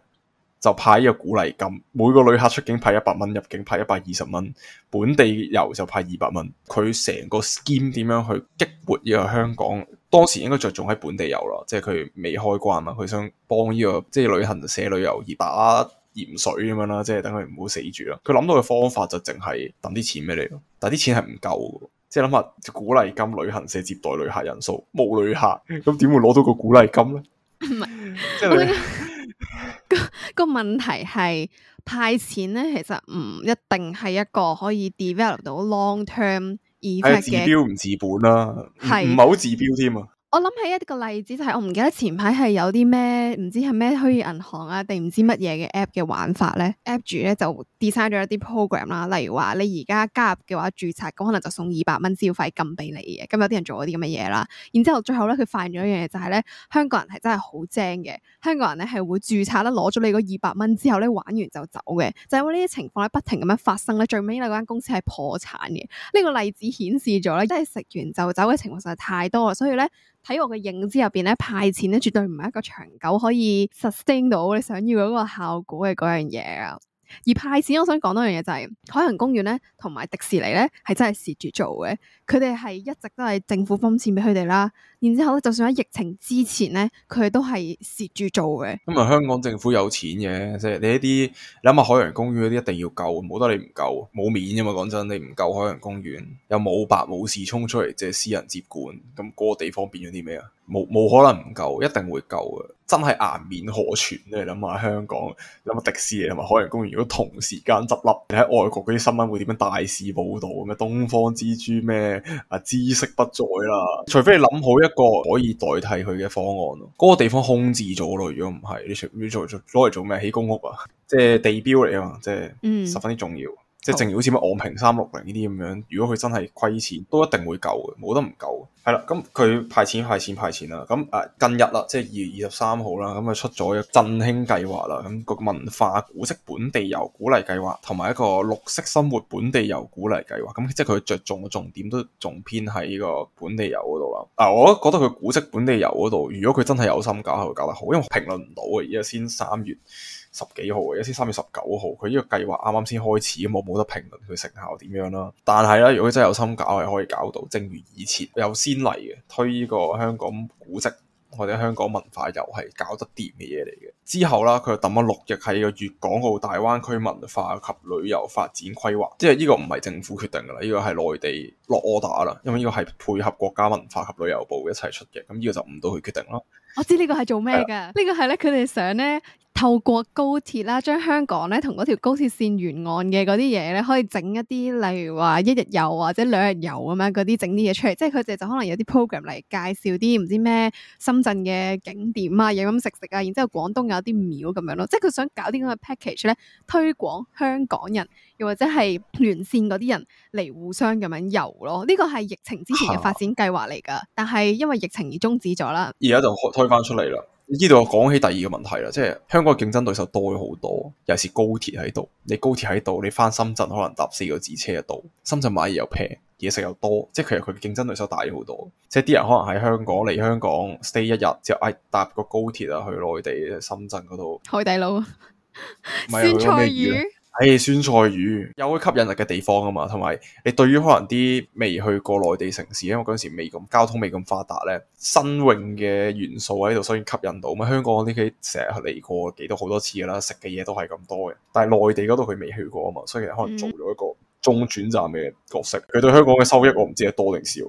就派呢個鼓勵金，每個旅客出境派一百蚊，入境派一百二十蚊，本地遊就派二百蚊。佢成個 scheme 點樣去激活呢個香港？當時應該着重喺本地遊啦，即係佢未開關嘛，佢想幫呢、這個即係旅行社旅遊而把。鹽水咁樣啦，即係等佢唔好死住啦。佢諗到嘅方法，就淨係抌啲錢俾你咯，但係啲錢係唔夠嘅。即係諗下鼓勵金，旅行社接待旅客人數，冇旅客，咁點會攞到個鼓勵金咧？唔係，即係個個問題係派錢咧，其實唔一定係一個可以 develop 到 long term effect 嘅，治標唔治本啦，係唔係好治標添啊？的我諗起一個例子就係、是、我唔記得前排係有啲咩唔知係咩虛擬銀行啊定唔知乜嘢嘅 app 嘅玩法咧，app 主咧就 design 咗一啲 program 啦，例如話你而家加入嘅話注冊，咁可能就送二百蚊消費金俾你嘅，咁有啲人做咗啲咁嘅嘢啦，然之後最後咧佢發現咗一樣嘢就係、是、咧，香港人係真係好精嘅，香港人咧係會注冊咧攞咗你嗰二百蚊之後咧玩完就走嘅，就是、因為呢啲情況咧不停咁樣發生咧，最尾咧嗰間公司係破產嘅，呢、這個例子顯示咗咧，真係食完就走嘅情況實在太多，所以咧。喺我嘅認知入邊咧，派錢咧絕對唔係一個長久可以 sustain 到你想要嗰個效果嘅嗰樣嘢啊！而派錢，我想講多樣嘢就係、是、海洋公園咧，同埋迪士尼咧，係真係蝕住做嘅。佢哋係一直都係政府封錢畀佢哋啦。然之後就算喺疫情之前咧，佢哋都係蝕住做嘅。咁啊，香港政府有錢嘅，即、就、係、是、你一啲你諗下海洋公園嗰啲一定要救，冇得你唔救，冇面啫嘛。講真，你唔救海洋公園，又冇白武士衝出嚟，即係私人接管，咁、那、嗰個地方變咗啲咩啊？冇冇可能唔夠，一定會夠嘅。真係顏面何存咧。你諗下香港，諗下迪士尼同埋海洋公園，如果同時間執笠，你喺外國嗰啲新聞會點樣大肆報道？咩東方之珠咩啊，知識不在啦。除非你諗好一個可以代替佢嘅方案咯。嗰個地方空置咗咯。如果唔係，你做你做做，做做攞嚟做咩？起公屋啊，即係地標嚟啊嘛，即係，嗯，十分之重要。即係正如好似咩昂坪三六零呢啲咁樣，如果佢真係虧錢，都一定會救嘅，冇得唔救。係啦，咁佢派錢派錢派錢啦。咁啊，近日啦，即係二月二十三號啦，咁啊出咗一個振興計劃啦，咁個文化古蹟本地遊鼓勵計劃同埋一個綠色生活本地遊鼓勵計劃。咁即係佢着重嘅重點都仲偏喺呢個本地遊嗰度啦。嗱，我都覺得佢古蹟本地遊嗰度，如果佢真係有心搞，係會搞得好，因為評論唔到嘅。而家先三月。十幾號啊，一先三月十九號，佢呢個計劃啱啱先開始，咁我冇得評論佢成效點樣啦。但係咧，如果真係有心搞，係可以搞到，正如以前有先例嘅，推呢個香港古蹟或者香港文化遊係搞得掂嘅嘢嚟嘅。之後啦，佢就抌咗六日喺個粵港澳大灣區文化及旅遊發展規劃，即係呢個唔係政府決定噶啦，呢個係內地落 order 啦，因為呢個係配合國家文化及旅遊部一齊出嘅，咁呢個就唔到佢決定咯。我知呢個係做咩嘅？呢個係咧，佢哋想咧。透過高鐵啦、啊，將香港咧同嗰條高鐵線沿岸嘅嗰啲嘢咧，可以整一啲，例如話一日遊或者兩日遊咁樣嗰啲整啲嘢出嚟。即係佢哋就可能有啲 program 嚟介紹啲唔知咩深圳嘅景點啊，飲飲食食啊，然之後廣東有啲廟咁樣咯。即係佢想搞啲咁嘅 package 咧，推廣香港人，又或者係聯線嗰啲人嚟互相咁樣遊咯。呢個係疫情之前嘅發展計劃嚟噶，嗎但係因為疫情而中止咗啦。而家就推返出嚟啦。呢度我講起第二個問題啦，即係香港嘅競爭對手多咗好多，尤其是高鐵喺度。你高鐵喺度，你翻深圳可能搭四個字車就到，深圳買嘢又平，嘢食又多。即係其實佢競爭對手大咗好多，即係啲人可能喺香港嚟香港 stay 一日之後，哎，搭個高鐵啊去內地，深圳嗰度海底撈啊，酸菜魚。 係、哎、酸菜魚，有佢吸引力嘅地方啊嘛，同埋你對於可能啲未去過內地城市，因為嗰陣時未咁交通未咁發達咧，新穎嘅元素喺度，所以吸引到嘛。香港啲佢成日嚟過幾多好多次噶啦，食嘅嘢都係咁多嘅，但係內地嗰度佢未去過啊嘛，所以其實可能做咗一個中轉站嘅角色。佢對香港嘅收益我，我唔知係多定少。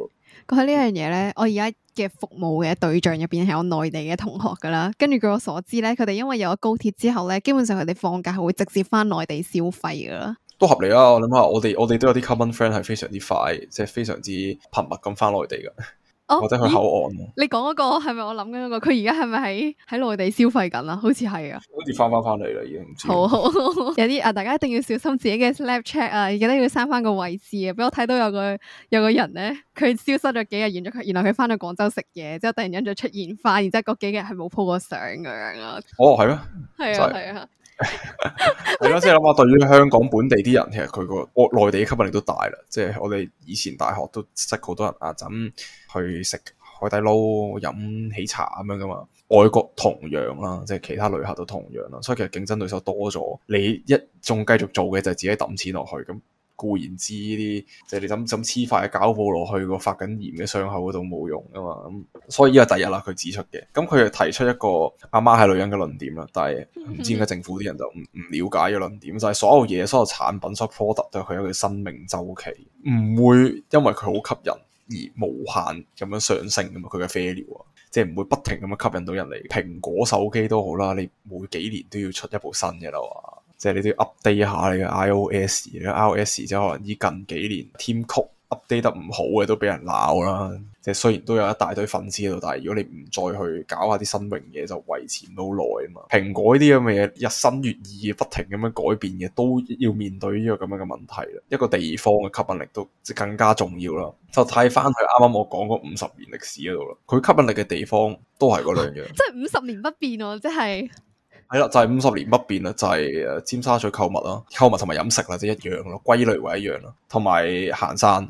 佢喺呢樣嘢咧，我而家嘅服務嘅對象入邊係我內地嘅同學噶啦，跟住據我所知咧，佢哋因為有咗高鐵之後咧，基本上佢哋放假係會直接翻內地消費噶啦，都合理啊，我諗下，我哋我哋都有啲 common friend 係非常之快，即係非常之頻密咁翻內地嘅。 或者去口岸。哦，你講嗰個係咪我諗緊嗰個？佢而家係咪喺喺內地消費緊啊？好似係啊，好似翻翻翻嚟啦，已經。好 有啲啊！大家一定要小心自己嘅 Snapchat 啊，記得要刪翻個位置啊！俾我睇到有個有個人咧，佢消失咗幾日，遠咗去，然後佢翻咗廣州食嘢，之後突然間就出現翻，然之後嗰幾日係冇 po 過相咁樣啊，哦，係咩？係 啊，係啊。 係咯，即係諗下，就是、對於香港本地啲人，其實佢個內內地吸引力都大啦。即、就、係、是、我哋以前大學都識好多人啊，咁去食海底撈、飲喜茶咁樣噶嘛。外國同樣啦，即、就、係、是、其他旅客都同樣啦。所以其實競爭對手多咗，你一仲繼續做嘅就係自己抌錢落去咁。固然知呢啲，即係你咁咁黐塊膠布落去個發緊炎嘅傷口度冇用啊嘛，所以依個第一啦，佢指出嘅，咁佢就提出一個阿媽係女人嘅論點啦，但係唔知點解政府啲人就唔唔瞭解依個論點，就係、是、所有嘢、所有產品、所有 product 都係佢有佢生命周期，唔會因為佢好吸引而無限咁樣上升噶嘛，佢嘅 failure 啊，即係唔會不停咁樣吸引到人嚟。蘋果手機都好啦，你每幾年都要出一部新嘅啦喎。即係你都要 update 下你嘅 iOS、iOS，即係可能依近幾年填曲 update 得唔好嘅都俾人鬧啦。即係雖然都有一大堆粉絲喺度，但係如果你唔再去搞下啲新穎嘢，就維持唔到耐啊嘛。蘋果呢啲咁嘅嘢日新月異，不停咁樣改變嘅，都要面對呢個咁樣嘅問題啦。一個地方嘅吸引力都即更加重要啦。就睇翻佢啱啱我講嗰五十年歷史嗰度啦，佢吸引力嘅地方都係嗰兩樣。即係五十年不變哦、啊，即係。係啦， 就係五十年不變啦，就係誒，尖沙咀購物咯，購物同埋飲食或者、就係、一樣咯，歸類為一樣咯，同埋行山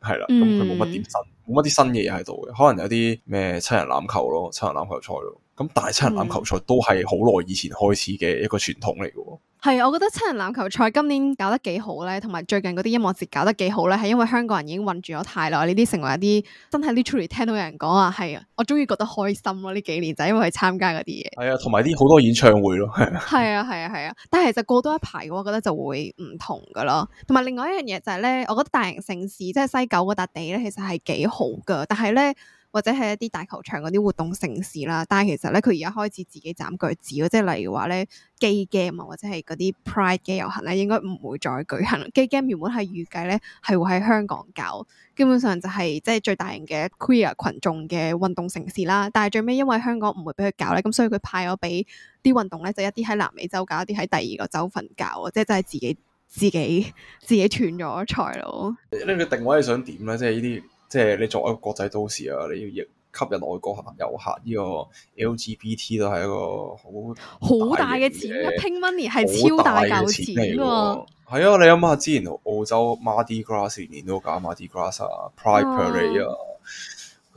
係啦，咁佢冇乜點新，冇乜啲新嘅嘢喺度嘅，可能有啲咩七人欖球咯，七人欖球賽咯。咁大七人籃球賽都係好耐以前開始嘅一個傳統嚟嘅、嗯，係啊，我覺得七人籃球賽今年搞得幾好咧，同埋最近嗰啲音樂節搞得幾好咧，係因為香港人已經韞住咗太耐，呢啲成為一啲真係 literally 聽到有人講話係，我終於覺得開心咯！呢幾年就係因為去參加嗰啲嘢，係啊，同埋啲好多演唱會咯，係 啊，係啊，係啊，但係其實過多一排嘅話，我覺得就會唔同嘅咯。同埋另外一樣嘢就係、是、咧，我覺得大型盛事，即係西九嗰笪地咧，其實係幾好嘅，但係咧。或者係一啲大球場嗰啲活動盛事啦，但係其實咧，佢而家開始自己斬腳趾，即係例如話咧 Gay Game 啊，或者係嗰啲 pride gay 遊行咧，應該唔會再舉行。Gay Game 原本係預計咧係會喺香港搞，基本上就係、是、即係最大型嘅 queer 群眾嘅運動盛事啦。但係最尾因為香港唔會俾佢搞咧，咁所以佢派咗俾啲運動咧，就一啲喺南美洲搞，一啲喺第二個州份搞，即係真係自己自己自己斷咗財路。呢個定位係想點咧？即係呢啲。即係你作為國際都市啊，你要吸引外國遊客，呢個 LGBT 都係一個好好大嘅錢、啊，一 million 係超大嚿錢嚟、啊、喎。係啊，啊，你諗下之前澳洲 Mardi Gras 年年都搞 Mardi Gras 啊，Pride Parade 啊，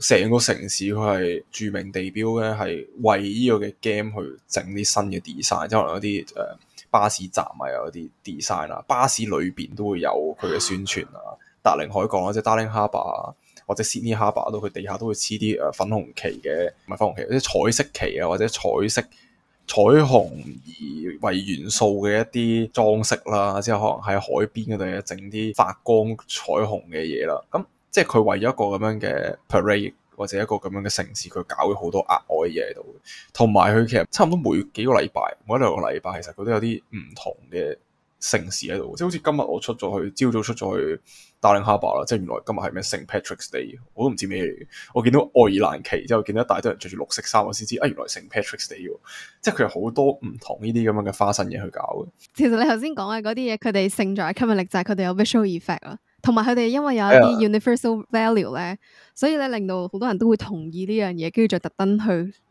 成、啊啊、個城市佢係著名地標咧，係為呢個嘅 game 去整啲新嘅 design，即可能一啲誒、呃、巴士站啊，有啲 design 啊，巴士裏邊都會有佢嘅宣傳啊，啊達靈海港啊，即 Darling Harbour 啊。或者 Sydney Harbour 度佢地下都會黐啲誒粉紅旗嘅，唔係粉紅旗，即係彩色旗啊，或者彩色彩虹而為元素嘅一啲裝飾啦，之後可能喺海邊嗰度嘅整啲發光彩虹嘅嘢啦，咁即係佢為咗一個咁樣嘅 parade，或者一個咁樣嘅城市，佢搞咗好多額外嘢喺度，同埋佢其實差唔多每幾個禮拜，每兩個禮拜，其實佢都有啲唔同嘅。城市喺度，即係好似今日我出咗去，朝早出咗去達令哈巴啦，即係原來今日係咩聖 Patrick's Day，我都唔知咩嚟。我見到愛爾蘭旗，之後見到一大堆人着住綠色衫，我先知啊，原來聖 Patrick's Day 喎。即係佢有好多唔同呢啲咁樣嘅花生嘢去搞嘅。其實你頭先講嘅嗰啲嘢，佢哋勝在，吸引力，就係佢哋有 visual effect 啊。同埋佢哋因為有一啲 universal value 咧，Yeah. 所以咧令到好多人都會同意呢樣嘢，跟住再特登去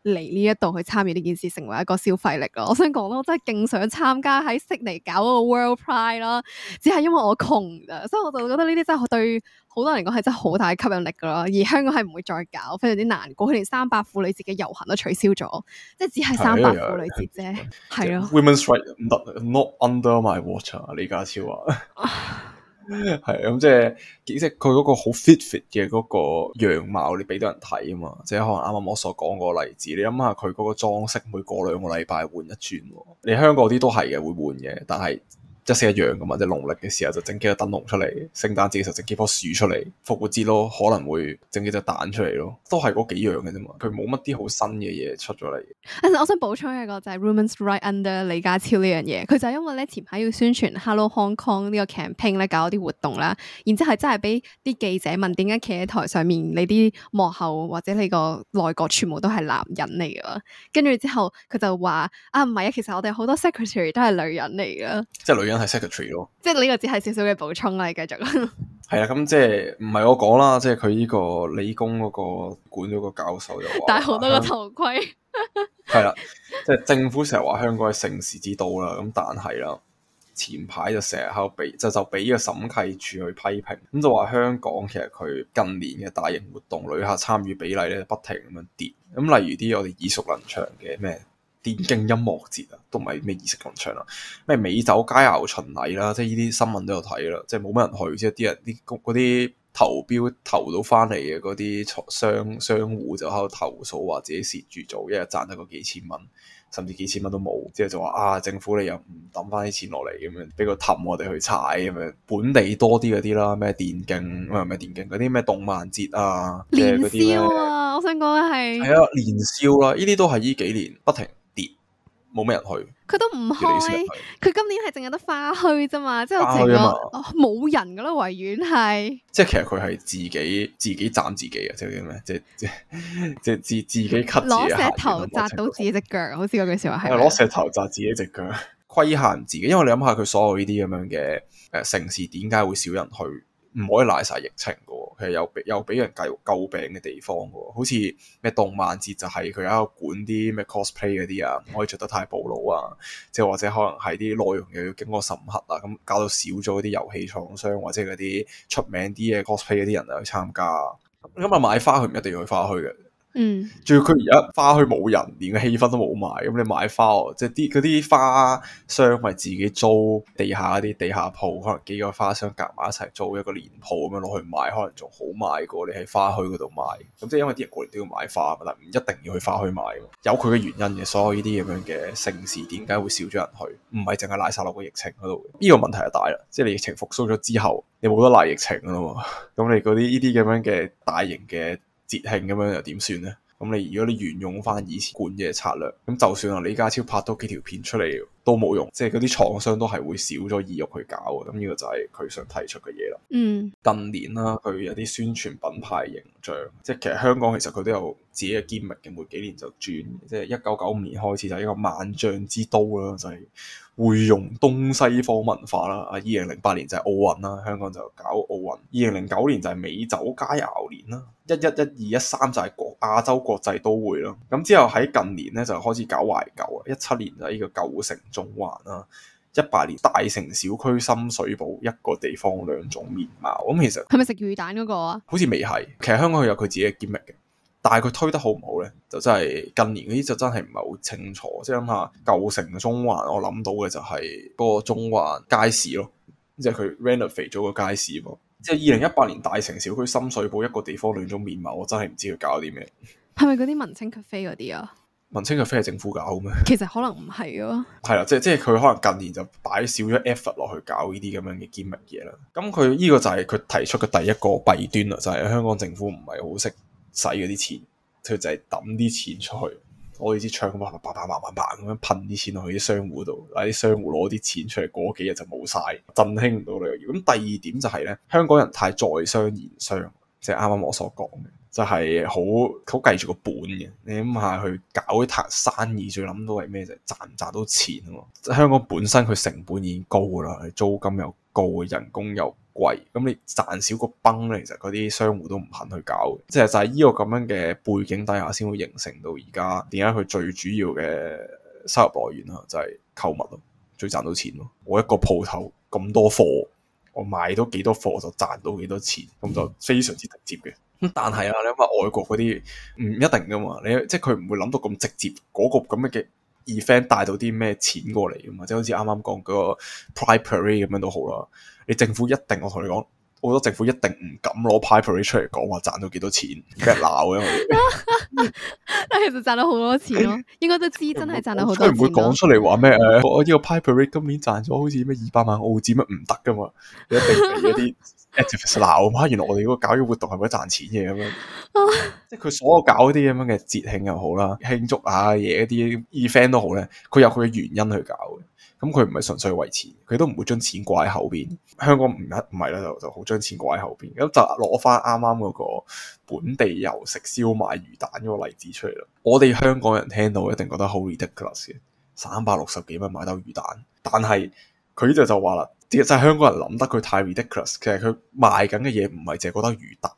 嚟呢一度去參與呢件事，成為一個消費力咯 Yeah.。我想講咯，我真係勁想參加喺悉、yeah. 在 尼搞個 World Pride 咯，只係因為我窮，所以我就覺得呢啲真係對好多人嚟講係真係好大吸引力噶咯。而香港係唔會再搞，非常之難過。佢連三八婦女節嘅遊行都取消咗，即係只係三八婦女節啫，係咯 Yeah. Yeah. 了。Women's right not under my watch，李家超話。 係啊，咁即係，即係佢嗰個好 fit fit 嘅嗰個樣貌，你俾到人睇啊嘛，即係可能啱啱我所講嗰個例子，你諗下佢嗰個裝飾，每過兩個禮拜換一轉，你香港啲都係嘅，會換嘅，但係。即係一樣噶嘛，即係農曆嘅時候就整幾隻燈籠出嚟，聖誕節就整幾樖樹出嚟，復活節咯可能會整幾隻蛋出嚟咯，都係嗰幾樣嘅啫嘛，佢冇乜啲好新嘅嘢出咗嚟。我想補充一個就係 Rumens right under 李家超呢樣嘢，佢就係因為咧前排要宣傳 Hello Hong Kong 呢個 campaign 咧搞啲活動啦，然之後係真係俾啲記者問點解企喺台上面你啲幕後或者你個內閣全部都係男人嚟噶，跟住之後佢就話啊唔係啊，其實我哋好多 secretary 都係女人嚟噶，即係女人。係 secretary 咯，即係呢個只係少少嘅補充啦。你繼續，係啦。 咁即係唔係我講啦，即係佢呢個理工嗰個管咗個教授就話戴好多個頭盔，係啦。 即係政府成日話香港係盛事之都啦，咁但係啦，前排就成日喺度俾就就俾呢個審計署去批評，咁就話香港其實佢近年嘅大型活動旅客參與比例咧，不停咁樣跌。咁例如啲我哋耳熟能詳嘅咩？電競音樂節啊，都唔係咩儀式咁強啦，咩美酒佳肴巡禮啦，即係呢啲新聞都有睇啦，即係冇乜人去，之後啲人啲嗰啲投標投到翻嚟嘅嗰啲商商戶就喺度投訴話自己蝕住做一日賺得個幾千蚊，甚至幾千蚊都冇，即係就話啊政府你又唔抌翻啲錢落嚟咁樣，俾個氹我哋去踩咁樣，本地多啲嗰啲啦，咩電競啊咩電競啲咩動漫節啊，年宵啊，我想講係係啊年宵啦，呢啲都係呢幾年不停。冇咩人去，佢都唔開，佢今年係淨有得花墟啫嘛，哦、即係個情況冇人噶啦，維園係，即係其實佢係自己自己斬自己嘅，即係叫咩，即係即係自自己 cut，攞石頭砸到自己隻腳，好似嗰句說話係，攞石頭砸自己隻腳，規 限自己，因為你諗下佢所有呢啲咁樣嘅誒城市，點解會少人去？唔可以賴晒疫情嘅，佢又俾又俾人繼續詬病嘅地方嘅，好似咩動漫節就係佢喺度管啲咩 cosplay 嗰啲啊，唔可以着得太暴露啊，即係或者可能係啲內容又要經過審核啊，咁搞到少咗啲遊戲廠商或者嗰啲出名啲嘅 cosplay 嗰啲人去參加。咁啊買花佢唔一定要去花墟嘅。嗯，仲要佢而家花墟冇人，連個氣氛都冇埋，咁你賣花哦，即係啲啲花商咪自己租地下嗰啲地下鋪，可能幾個花商夾埋一齊租一個年鋪咁樣落去賣，可能仲好賣過你喺花墟嗰度賣。咁即係因為啲人過年都要買花，但唔一定要去花墟買，有佢嘅原因嘅。所以呢啲咁樣嘅盛事點解會少咗人去？唔係淨係賴晒落個疫情嗰度，呢、這個問題就大啦。即係你疫情復蘇咗之後，你冇得賴疫情啦嘛。咁你嗰啲呢啲咁樣嘅大型嘅。節慶咁樣又點算呢？咁你如果你沿用翻以前管嘅策略，咁就算啊李家超拍多幾條片出嚟都冇用，即係嗰啲廠商都係會少咗意欲去搞。咁呢個就係佢想提出嘅嘢啦。嗯，近年啦、啊，佢有啲宣傳品牌形象，即係其實香港其實佢都有自己嘅 gimmick 嘅。每幾年就轉，即係一九九五年開始就一個萬象之都啦，就係、是。會用東西方文化啦，啊，二零零八年就係奧運啦，香港就搞奧運，二零零九年就係美酒佳肴年啦，一一一二一三就係國亞洲國際都會啦，咁之後喺近年咧就開始搞懷舊啊，一七年就係呢個舊城中環啦，一八年大城小區深水埗，一個地方兩種面貌，咁其實係咪食魚蛋嗰個啊？好似未係，其實香港有佢自己嘅 gimmick 嘅。但係佢推得好唔好咧？就真係近年嗰啲就真係唔係好清楚。即係諗下舊城中環，我諗到嘅就係嗰個中環街市咯，即係佢 Renovate 咗個街市嘛。即係二零一八年大城小區深水埗一個地方兩種面貌，我真係唔知佢搞啲咩。係咪嗰啲文青 cafe 嗰啲啊？文青 cafe 係政府搞咩？其實可能唔係咯。係啦， 即係即係佢可能近年就擺少咗 effort 落去搞呢啲咁樣嘅兼密嘢啦。咁佢呢個就係佢提出嘅第一個弊端啦，就係香港政府唔係好識。使嗰啲錢，佢就係抌啲錢出去。攞支槍咁樣，叭叭叭咁樣噴啲錢落去啲商戶度，嗱啲商戶攞啲錢出嚟，嗰幾日就冇晒，振興唔到旅遊業。咁第二點就係咧，香港人太在商言商，即係啱啱我所講嘅，就係好好計住個本嘅。你諗下去搞一攤生意，最諗到係咩？就係賺唔賺到錢啊嘛。香港本身佢成本已經高噶啦，佢租金又高，人工又～貴咁你賺少個崩，咧，其實嗰啲商戶都唔肯去搞嘅，即係就係、是、依個咁樣嘅背景底下先會形成到而家點解佢最主要嘅收入來源啦，就係、是、購物咯，最賺到錢咯。我一個鋪頭咁多貨，我賣到幾多貨就賺到幾多錢，咁就非常之直接嘅。 但係啊，你諗下外國嗰啲唔一定噶嘛，你即係佢唔會諗到咁直接嗰、那個咁嘅嘅。event 帶到啲咩錢過嚟㗎嘛，即剛剛、那個、好似啱啱講嗰個 primary 咁樣都好啦。你政府一定，我同你講。好多政府一定唔敢攞 pirate 出嚟，講話賺到幾多錢，俾人鬧嘅。但係其實賺咗好多錢咯，應該都知真係賺咗好多，佢唔會講出嚟話咩誒，我呢個 pirate 今年賺咗好似咩二百萬澳紙，乜唔得噶嘛？你一定俾一啲 activist 鬧嘛？原來我哋如果搞嘅活動係為咗賺錢嘅咁樣，即係佢所有搞啲咁樣嘅節慶又好啦，慶祝啊嘢一啲 event 都好咧，佢有佢嘅原因去搞嘅。咁佢唔係純粹為錢，佢都唔會將錢掛喺口邊。香港唔一唔係啦，就就好將錢掛喺口邊。咁就攞翻啱啱嗰個本地遊食燒賣魚蛋嗰個例子出嚟啦。我哋香港人聽到一定覺得好 ridiculous，三百六十幾蚊買兜魚蛋。但係佢依就話啦，就係香港人諗得佢太 ridiculous。其實佢賣緊嘅嘢唔係淨係覺得魚蛋，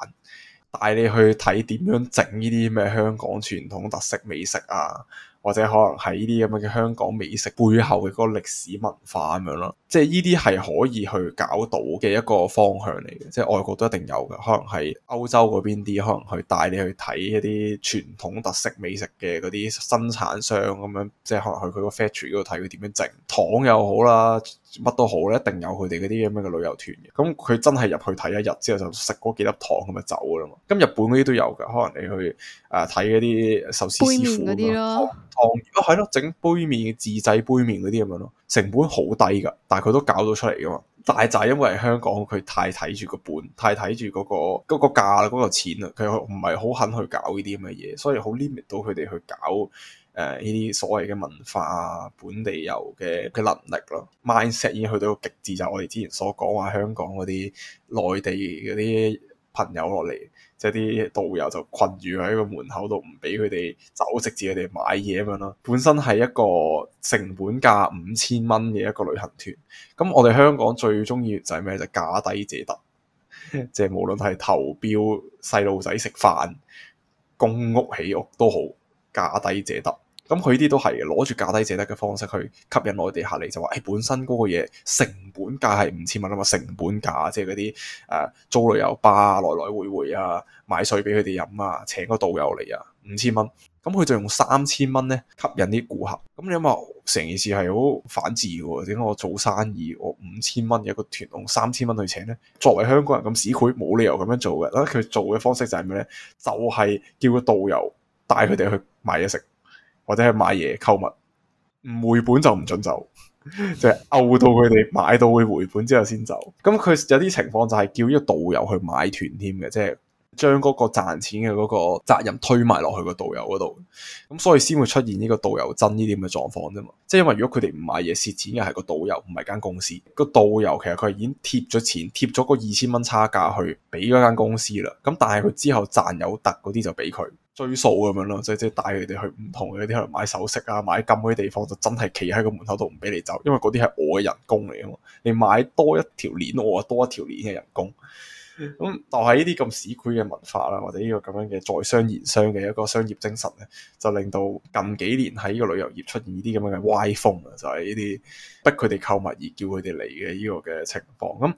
帶你去睇點樣整呢啲咩香港傳統特色美食啊！或者可能喺呢啲咁嘅香港美食背後嘅嗰個歷史文化咁樣咯，即係呢啲係可以去搞到嘅一個方向嚟嘅，即係外國都一定有嘅，可能係歐洲嗰邊啲，可能去帶你去睇一啲傳統特色美食嘅嗰啲生產商咁樣，即係可能去佢個 factory 嗰度睇佢點樣整糖又好啦。乜都好咧，一定有佢哋嗰啲咁嘅旅遊團嘅。咁佢真係入去睇一日之後就，就食嗰幾粒糖咁就走噶啦嘛。咁日本嗰啲都有嘅，可能你去啊睇嗰啲壽司師傅啊，糖啊係咯，整杯麪自製杯麪嗰啲咁樣咯，成本好低噶，但係佢都搞到出嚟噶嘛。大寨因為香港，佢太睇住個本，太睇住嗰個嗰個價啦，嗰個錢啊，佢唔係好肯去搞呢啲咁嘅嘢，所以好 limit 到佢哋去搞。誒呢啲所謂嘅文化本地遊嘅嘅能力咯，mindset 已經去到個極致，就係、我哋之前所講話香港嗰啲內地嗰啲朋友落嚟，即係啲導遊就困住喺個門口度，唔俾佢哋走，直至佢哋買嘢咁樣咯。本身係一個成本價五千蚊嘅一個旅行團，咁我哋香港最中意就係咩？就係、價低者得，即 係無論係投標細路仔食飯、公屋起屋都好，價低者得。咁佢啲都係攞住價低者得嘅方式去吸引內地客嚟，就話誒、哎、本身嗰個嘢成本價係五千蚊啊嘛，成本價即係嗰啲誒租旅遊巴來來回回啊，買水俾佢哋飲啊，請個導遊嚟啊，五千蚊。咁佢就用三千蚊咧吸引啲顧客。咁你諗下，成件事係好反智嘅，點解我做生意我五千蚊一個團，用三千蚊去請呢？作為香港人咁市儈，冇理由咁樣做嘅。佢做嘅方式就係咩呢？就係、是、叫個導遊帶佢哋去買嘢食。或者係買嘢購物，唔回本就唔準走，即係漚到佢哋買到會回本之後先走。咁佢有啲情況就係叫啲導遊去買團添嘅，即係將嗰個賺錢嘅嗰個責任推埋落去個導遊嗰度。咁所以先會出現呢個導遊真呢啲咁嘅狀況啫嘛。即係因為如果佢哋唔買嘢蝕錢，又係個導遊唔係間公司。個導遊其實佢係已經貼咗錢，貼咗個二千蚊差價去俾嗰間公司啦。咁但係佢之後賺有突嗰啲就俾佢。追數咁樣咯，即係即係帶佢哋去唔同嘅啲可能買首飾啊、買金嗰啲地方，就真係企喺個門口度唔俾你走，因為嗰啲係我嘅人工嚟啊嘛。你買多一條鏈，我多一條鏈嘅人工。咁，就係呢啲咁市儈嘅文化啦，或者呢個咁樣嘅在商言商嘅一個商業精神咧，就令到近幾年喺呢個旅遊業出現呢啲咁樣嘅歪風啊，就係呢啲逼佢哋購物而叫佢哋嚟嘅呢個嘅情況。咁、嗯、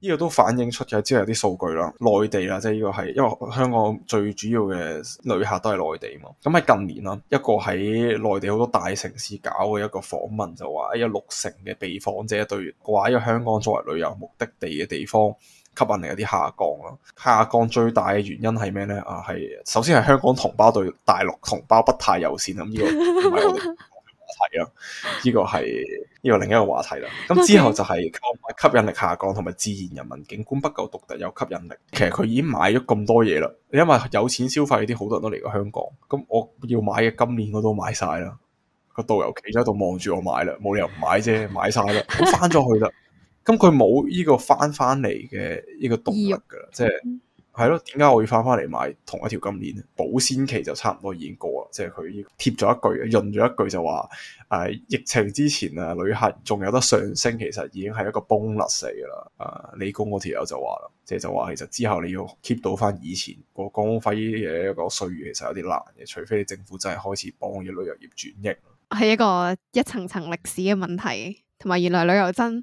呢、這個都反映出咗之後有啲數據啦，內地啦，即係呢個係因為香港最主要嘅旅客都係內地嘛。咁喺近年啦，一個喺內地好多大城市搞嘅一個訪問就話，有六成嘅被訪者對話有香港作為旅遊目的地嘅地方。吸引力有啲下降咯，下降最大嘅原因係咩呢？啊，係首先係香港同胞對大陸同胞不太友善啊！咁呢個唔係好話題咯，呢個係呢個另一個話題啦。咁之後就係吸引力下降，同埋自然人民，景觀不夠獨特有吸引力。其實佢已經買咗咁多嘢啦，因為有錢消費啲好多人都嚟過香港。咁我要買嘅今年我都買晒啦，個導遊企咗喺度望住我買啦，冇理由唔買啫，買晒啦，我翻咗去啦。 咁佢冇呢個翻翻嚟嘅呢個動力噶啦，即係係咯。點解、就是、我要翻翻嚟買同一條金鏈保鮮期就差唔多已經過啦？即係佢呢貼咗一句，潤咗一句就話：誒、啊，疫情之前啊，旅客仲有得上升，其實已經係一個崩率死啦。啊，理工嗰條友就話啦，即係就話、是、其實之後你要 keep 到翻以前費個光輝嘅一個歲月，其實有啲難嘅，除非政府真係開始幫咗旅遊業轉型。係一個一層層歷史嘅問題，同埋原來旅遊真。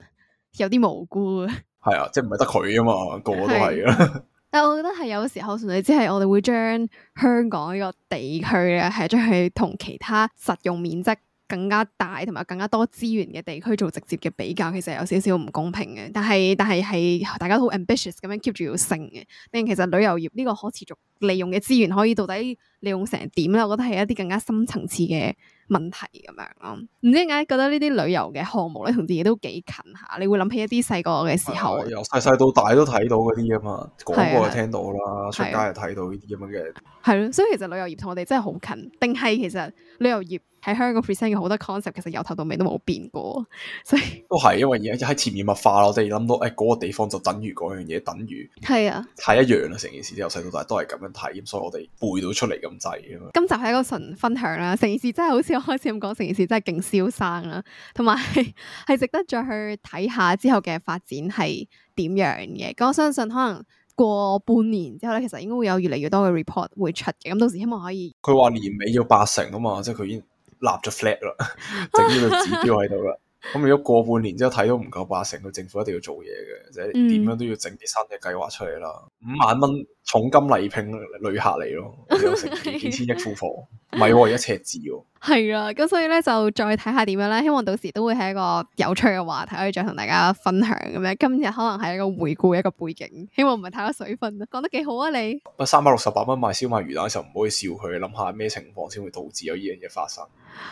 有啲無辜啊，係啊，即係唔係得佢啊嘛，個個都係啊。但係我覺得係有時候純粹只係我哋會將香港呢個地區呢，係將佢同其他實用面積。更加大同埋更加多資源嘅地區做直接嘅比較，其實有少少唔公平嘅。但係但係係大家都好 ambitious 咁樣 keep 住要升嘅。但其實旅遊業呢個可持續利用嘅資源，可以到底利用成點咧？我覺得係一啲更加深層次嘅問題咁樣咯。唔知點解覺得呢啲旅遊嘅項目咧，同自己都幾近下。你會諗起一啲細個嘅時候，由細細到大都睇到嗰啲啊嘛，講過又聽到啦，出街又睇到呢啲咁樣嘅。係咯，所以其實旅遊業同我哋真係好近，定係其實旅遊業。喺香港 present 嘅好多 concept，其實由頭到尾都冇變過，所以都係因為而家喺潛移默化咯，我哋諗到誒嗰、哎嗰個地方就等於嗰樣嘢，等於係啊，太一樣啦！成件事之由細到大都係咁樣睇，所以我哋背到出嚟咁滯。咁就係一個純分享啦。成件事真係好似我開始咁講，成件事真係勁燒生啦，同埋係值得再去睇下之後嘅發展係點樣嘅。咁我相信可能過半年之後咧，其實應該會有越嚟越多嘅 report 會出嘅。咁到時希望可以，佢話年尾要八成啊嘛，即係佢已經立咗 flag 啦， 整呢個指標喺度啦。咁 如果過半年之後睇到唔夠八成，個政府一定要做嘢嘅，即係點樣都要整啲新嘅計劃出嚟啦。嗯、五萬蚊。重金禮聘旅客嚟咯，成幾幾千億富婆，咪係 一赤字喎 係啊，咁所以咧就再睇下點樣咧。希望到時都會係一個有趣嘅話題，可以再同大家分享咁樣。今日可能係一個回顧一個背景，希望唔係太多水分。講得幾好啊！你三百六十八蚊賣燒賣魚蛋嘅時候，唔好以笑佢。諗下咩情況先會導致有呢樣嘢發生，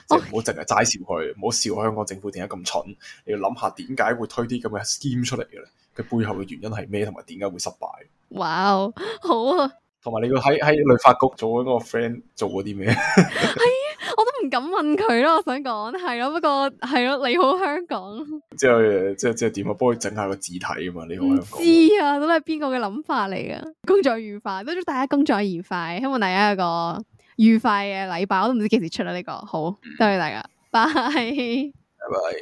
即係唔好淨係齋笑佢，唔好笑香港政府點解咁蠢。你要諗下點解會推啲咁嘅 scheme 出嚟嘅咧？佢背後嘅原因係咩？同埋點解會失敗？哇哦，wow, 好啊！同埋你要喺喺旅發局做嗰個 friend 做過啲咩？係 啊，我都唔敢問佢咯。我想講係咯，不過係咯、啊，你好香港。即係即係即係點啊？幫佢整下個字體啊嘛！你好香港。知啊，都係邊個嘅諗法嚟？啊，工作愉快，都祝大家工作愉快，希望大家有一個愉快嘅禮拜。我都唔知幾時出啦、啊、呢、這個。好，嗯、多謝大家，拜拜。Bye bye.